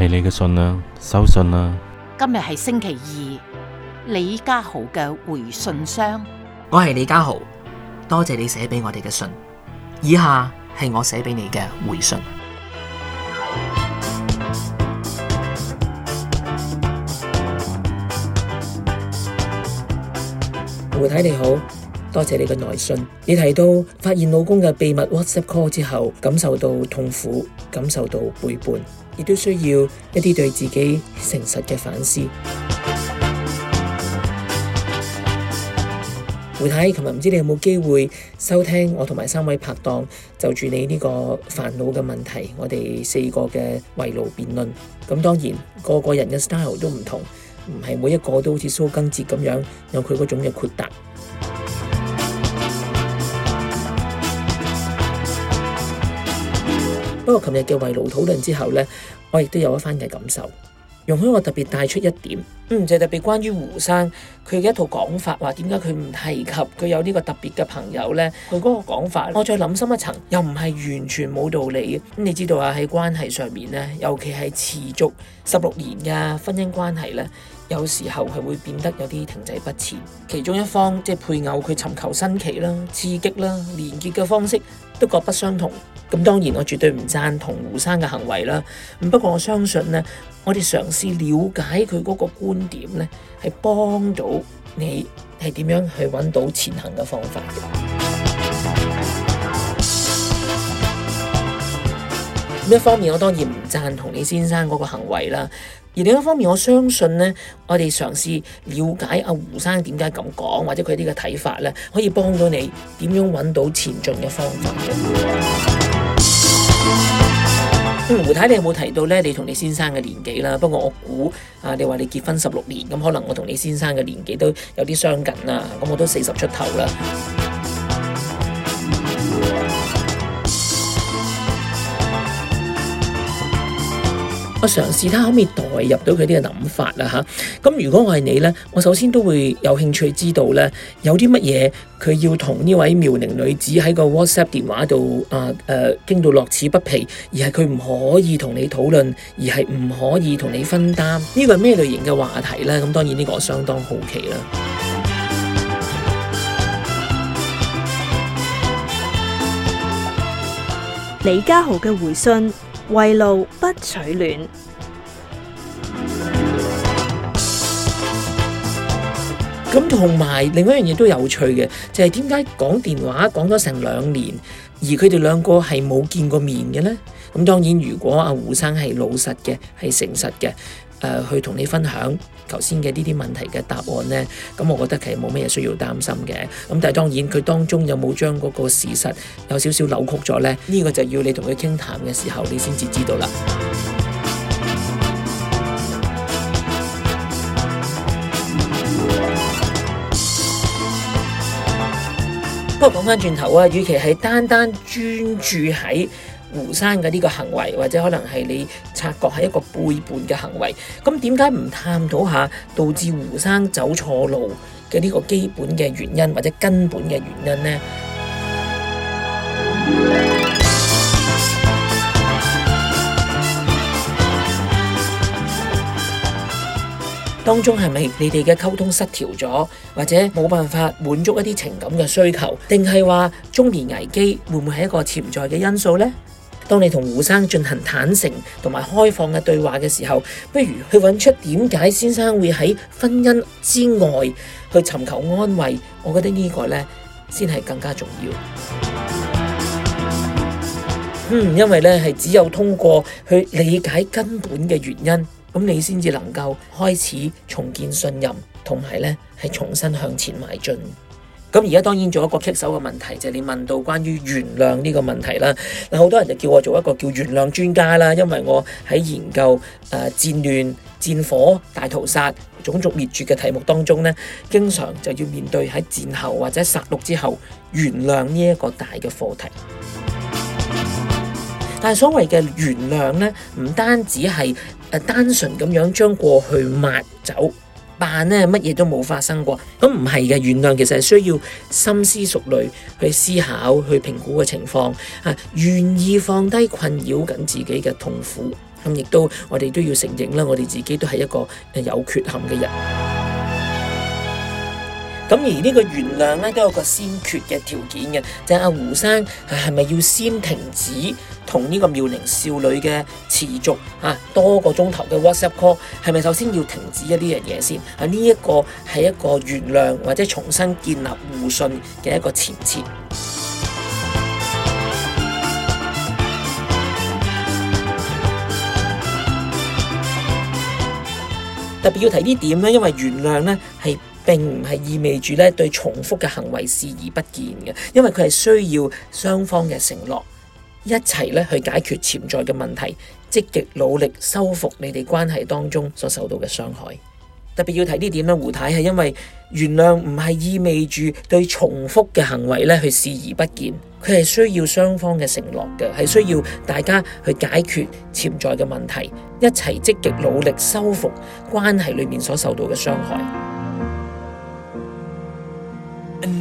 係你嘅信啦，收信啦。今日係星期二，李家豪嘅回信箱。我係李家豪，多謝你寫俾我哋嘅信。以下係我寫俾你嘅回信。吳太你好，多謝你嘅來信。你提到發現老公嘅秘密 WhatsApp call 之後，感受到痛苦，感受到背叛。亦都需要一啲對自己誠實嘅反思。胡太，琴日唔知你有冇機會收聽我同埋三位拍檔就住你呢個煩惱嘅問題，我哋四個嘅圍爐辯論。咁當然，個個人嘅 style 都唔同，唔係每一個都好似蘇更哲咁樣有佢嗰種嘅豁達。不過琴日嘅圍爐討論之後呢，我亦都有一番嘅感受。容許我特別帶出一點，嗯，就係、特別關於胡生佢嘅一套講法，話點解佢唔提及佢有呢個特別嘅朋友呢？佢嗰個講法，我再諗深一層，又唔係完全冇道理。咁你知道啊，喺關係上面呢，尤其係持續十六年嘅婚姻關係呢，有時候係會變得有啲停滯不前。其中一方即係、就係、配偶，佢尋求新奇啦、刺激啦、連結嘅方式。都各不相同，咁當然我絕對唔贊同胡生嘅行為啦。不過我相信呢，我哋嘗試了解佢嗰個觀點呢，係幫到你係點樣去揾到前行嘅方法嘅。一方面，我當然唔贊同你先生嗰個行為啦。而另一方面，我相信呢，我哋嘗試了解阿胡生點解咁講，或者佢啲嘅睇法呢，可以幫到你點樣揾到前進嘅方法嘅。嗯，胡太，你有冇提到呢？你同你先生嘅年紀啦。不過我估啊，你話你結婚十六年，咁可能我同你先生嘅年紀都有啲相近啦。咁我都四十出頭啦。嗯我嘗試睇可唔可以代入到佢啲嘅諗法啦吓，咁如果我係你咧，我首先都會有興趣知道咧，有啲乜嘢佢要同呢位妙齡女子喺個 WhatsApp 電話度啊誒，傾到樂此不疲，而係佢唔可以同你討論，而係唔可以同你分擔，呢個係咩類型嘅話題咧？咁當然呢個我相當好奇啦。李家豪嘅回信。為路不取暖，咁同埋另一樣嘢，都有趣嘅，就係點解講電話講咗成兩年，而佢哋兩個係冇見過面嘅呢？咁當然，如果阿胡生係老實嘅，係誠實嘅。誒、呃、去同你分享頭先嘅呢啲問題嘅答案呢，咁我覺得其實冇乜嘢需要擔心嘅。咁但係當然佢當中有冇將嗰個事實有少少扭曲咗呢？呢、呢個就要你同佢傾談嘅時候，你先至知道啦。不過講翻轉頭啊，與其係單單專注喺，胡生嘅呢個行為，或者可能係你察覺係一個背叛嘅行為，咁點解唔探討下導致胡生走錯路嘅呢個基本嘅原因或者根本嘅原因呢？當中係咪你哋嘅溝通失調咗，或者冇辦法滿足一啲情感嘅需求，定係話中年危機會唔會係一個潛在嘅因素呢？當你同胡生進行坦誠同埋開放嘅對話嘅時候，不如去揾出點解先生會喺婚姻之外去尋求安慰。我覺得呢個呢，先係更加重要。嗯，因為呢係只有通過去理解根本嘅原因，咁你先至能夠開始重建信任，同埋呢係重新向前邁進。咁而家當然做一個棘手嘅問題就係你問到關於原諒呢個問題啦，嗱，好多人就叫我做一個叫原諒專家啦，因為我喺研究誒戰亂、戰火、大屠殺、種族滅絕嘅題目當中呢，經常就要面對喺戰後或者殺戮之後原諒呢一個大嘅課題。但係所謂嘅原諒呢，唔單止係誒單純咁樣將過去抹走。扮咧乜嘢都冇發生過，咁唔係嘅。原諒其實係需要深思熟慮去思考、去評估嘅情況啊。願意放低困擾緊自己嘅痛苦，咁亦都我哋都要承認啦，我哋自己都係一個有缺陷嘅人。咁而呢個原諒咧都有個先決嘅條件嘅，就係、是、阿胡生係咪要先停止同呢個妙齡少女嘅持續啊多個鐘頭嘅 WhatsApp call，係咪首先要停止一啲嘢先？啊呢一個係一個原諒或者重新建立互信嘅一個前提。 特別要提呢點咧，因為原諒咧係。並唔係意味住咧對重複嘅行為視而不見嘅，因為佢係需要雙方嘅承諾，一齊咧去解決潛在嘅問題，積極努力修復你哋關係當中所受到嘅傷害。特別要睇呢點咧，胡太係因為原諒唔係意味住對重複嘅行為咧去視而不見，佢係需要雙方嘅承諾嘅，係需要大家去解決潛在嘅問題，一齊積極努力修復關係裏面所受到嘅傷害。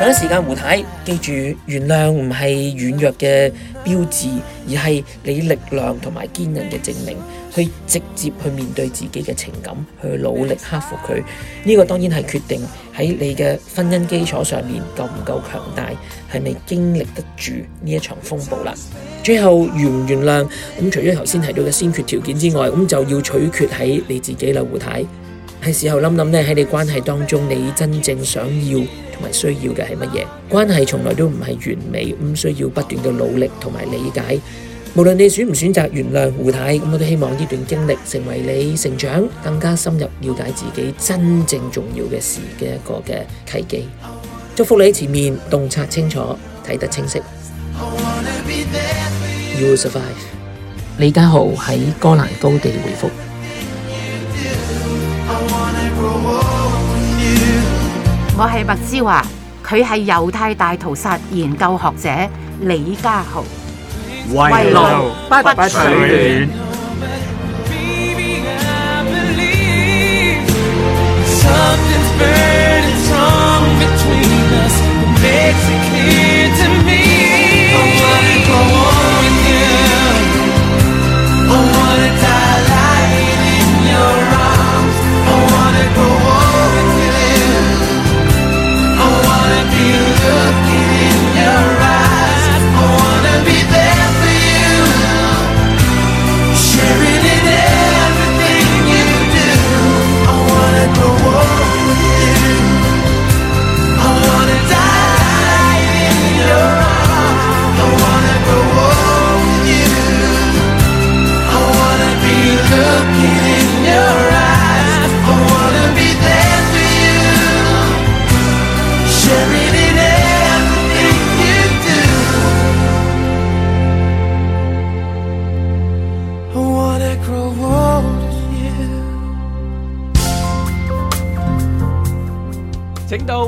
等啲時間，胡太太，記住，原諒唔係軟弱嘅標誌，而係你的力量同埋堅韌嘅證明。去直接去面對自己嘅情感，去努力克服佢。呢個當然係決定喺你嘅婚姻基礎上面夠唔夠強大，係咪經歷得住呢一場風暴啦。最後，不原唔原諒，除咗頭先提到嘅先決條件之外，咁就要取決喺你自己啦，胡太。係時候諗諗咧，喺你關係當中，你真正想要。唔係需要嘅係乜嘢？關係從來都唔係完美，唔需要不斷嘅努力同埋理解。無論你選唔選擇原諒胡太，咁我都希望呢段經歷成為你成長更加深入了解自己真正重要嘅事嘅一個嘅契機。祝福你前面洞察清楚，睇得清晰。You will survive。李家豪喺戈蘭高地回復。我係白之華，佢係猶太大屠殺研究學者李家豪，